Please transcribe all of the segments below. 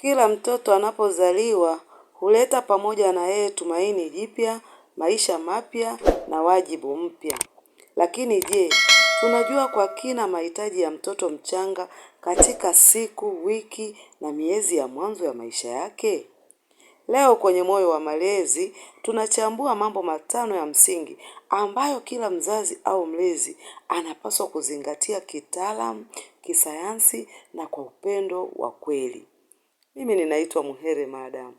Kila mtoto anapozaliwa huleta pamoja na yeye tumaini jipya, maisha mapya na wajibu mpya. Lakini je, tunajua kwa kina mahitaji ya mtoto mchanga katika siku, wiki na miezi ya mwanzo ya maisha yake? Leo kwenye Moyo wa Malezi tunachambua mambo matano ya msingi ambayo kila mzazi au mlezi anapaswa kuzingatia kitaalamu, kisayansi na kwa upendo wa kweli. Mimi ninaitwa Muhere Madam.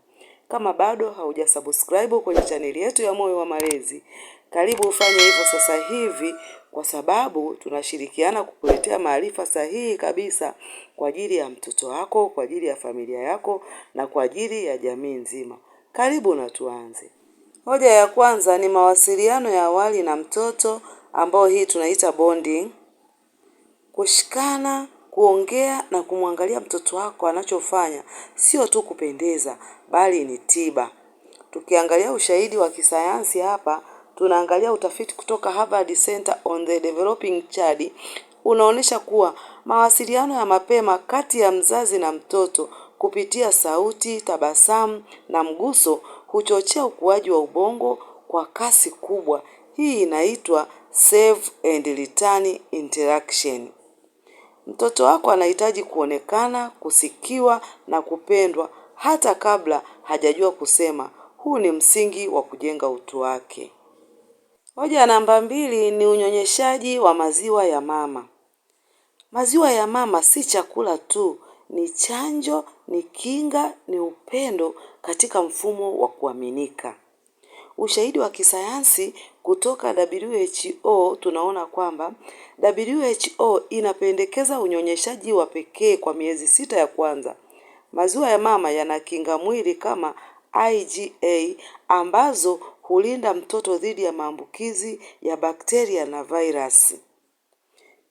Kama bado haujasubscribe kwenye chaneli yetu ya Moyo wa Malezi, karibu ufanye hivyo sasa hivi, kwa sababu tunashirikiana kukuletea maarifa sahihi kabisa kwa ajili ya mtoto wako, kwa ajili ya familia yako na kwa ajili ya jamii nzima. Karibu na tuanze. Hoja ya kwanza ni mawasiliano ya awali na mtoto, ambao hii tunaita bonding, kushikana Kuongea na kumwangalia mtoto wako anachofanya sio tu kupendeza, bali ni tiba. Tukiangalia ushahidi wa kisayansi hapa, tunaangalia utafiti kutoka Harvard Center on the Developing Child unaonyesha kuwa mawasiliano ya mapema kati ya mzazi na mtoto kupitia sauti, tabasamu na mguso huchochea ukuaji wa ubongo kwa kasi kubwa. Hii inaitwa Save and Return Interaction. Mtoto wako anahitaji kuonekana, kusikiwa na kupendwa hata kabla hajajua kusema. Huu ni msingi wa kujenga utu wake. Hoja namba mbili ni unyonyeshaji wa maziwa ya mama. Maziwa ya mama si chakula tu, ni chanjo, ni kinga, ni upendo katika mfumo wa kuaminika. Ushahidi wa kisayansi kutoka WHO tunaona kwamba WHO inapendekeza unyonyeshaji wa pekee kwa miezi sita ya kwanza. Maziwa ya mama yana kinga mwili kama IgA ambazo hulinda mtoto dhidi ya maambukizi ya bakteria na vairasi.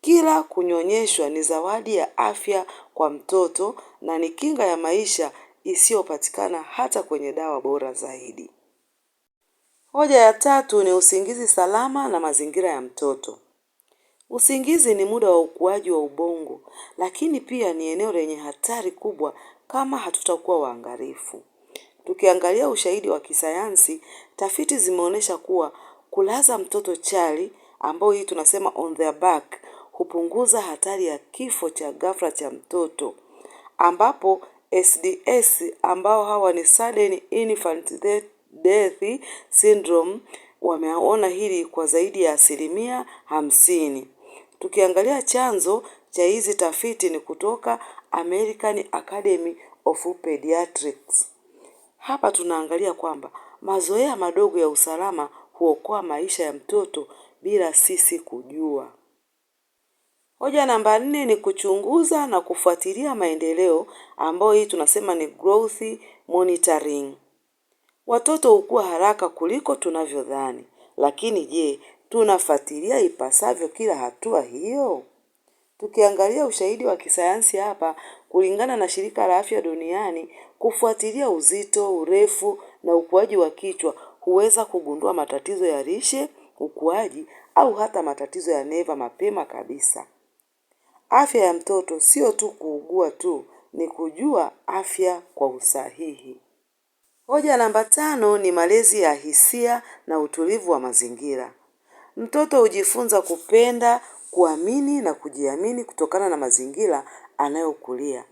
Kila kunyonyeshwa ni zawadi ya afya kwa mtoto na ni kinga ya maisha isiyopatikana hata kwenye dawa bora zaidi. Hoja ya tatu ni usingizi salama na mazingira ya mtoto. Usingizi ni muda wa ukuaji wa ubongo, lakini pia ni eneo lenye hatari kubwa kama hatutakuwa waangalifu. Tukiangalia ushahidi wa kisayansi, tafiti zimeonyesha kuwa kulaza mtoto chali, ambao hii tunasema on their back, hupunguza hatari ya kifo cha ghafla cha mtoto, ambapo SDS ambao hawa ni sudden infant death Death Syndrome wameona hili kwa zaidi ya asilimia hamsini. Tukiangalia chanzo cha hizi tafiti ni kutoka American Academy of Pediatrics. Hapa tunaangalia kwamba mazoea madogo ya usalama huokoa maisha ya mtoto bila sisi kujua. Hoja namba nne ni kuchunguza na kufuatilia maendeleo ambayo hii tunasema ni growth monitoring. Watoto hukua haraka kuliko tunavyodhani, lakini je, tunafuatilia ipasavyo kila hatua hiyo? Tukiangalia ushahidi wa kisayansi hapa, kulingana na Shirika la Afya Duniani, kufuatilia uzito, urefu na ukuaji wa kichwa huweza kugundua matatizo ya lishe, ukuaji au hata matatizo ya neva mapema kabisa. Afya ya mtoto sio tu kuugua tu, ni kujua afya kwa usahihi. Hoja namba tano ni malezi ya hisia na utulivu wa mazingira. Mtoto hujifunza kupenda, kuamini na kujiamini kutokana na mazingira anayokulia.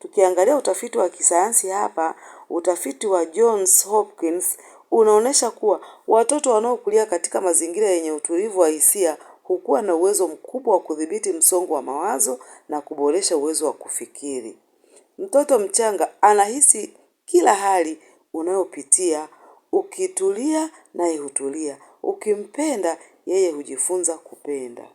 Tukiangalia utafiti wa kisayansi hapa, utafiti wa Johns Hopkins unaonesha kuwa watoto wanaokulia katika mazingira yenye utulivu wa hisia hukua na uwezo mkubwa wa kudhibiti msongo wa mawazo na kuboresha uwezo wa kufikiri. Mtoto mchanga anahisi kila hali unayopitia, ukitulia naye hutulia, ukimpenda yeye hujifunza kupenda.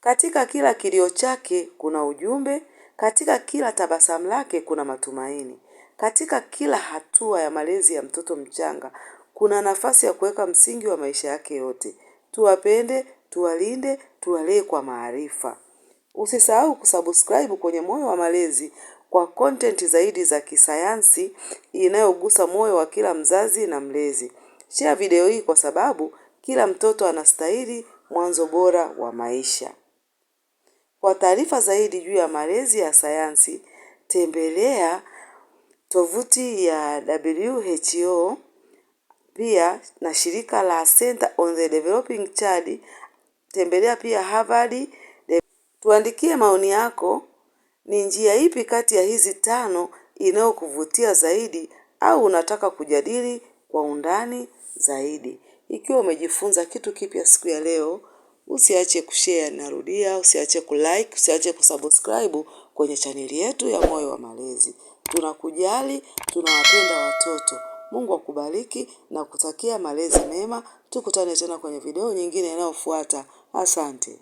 Katika kila kilio chake kuna ujumbe, katika kila tabasamu lake kuna matumaini. Katika kila hatua ya malezi ya mtoto mchanga kuna nafasi ya kuweka msingi wa maisha yake yote. Tuwapende, tuwalinde, tuwalee kwa maarifa. Usisahau kusubscribe kwenye Moyo wa Malezi kwa content zaidi za kisayansi inayogusa moyo wa kila mzazi na mlezi. Share video hii kwa sababu kila mtoto anastahili mwanzo bora wa maisha. Kwa taarifa zaidi juu ya malezi ya sayansi, tembelea tovuti ya WHO pia na shirika la Center on the Developing Child. Tembelea pia Harvard. Tuandikie maoni yako. Ni njia ipi kati ya hizi tano inayokuvutia zaidi au unataka kujadili kwa undani zaidi? Ikiwa umejifunza kitu kipya siku ya leo, usiache kushare, narudia, usiache kulike, usiache kusubscribe kwenye chaneli yetu ya Moyo wa Malezi. Tunakujali, tunawapenda watoto. Mungu akubariki na kutakia malezi mema. Tukutane tena kwenye video nyingine inayofuata. Asante.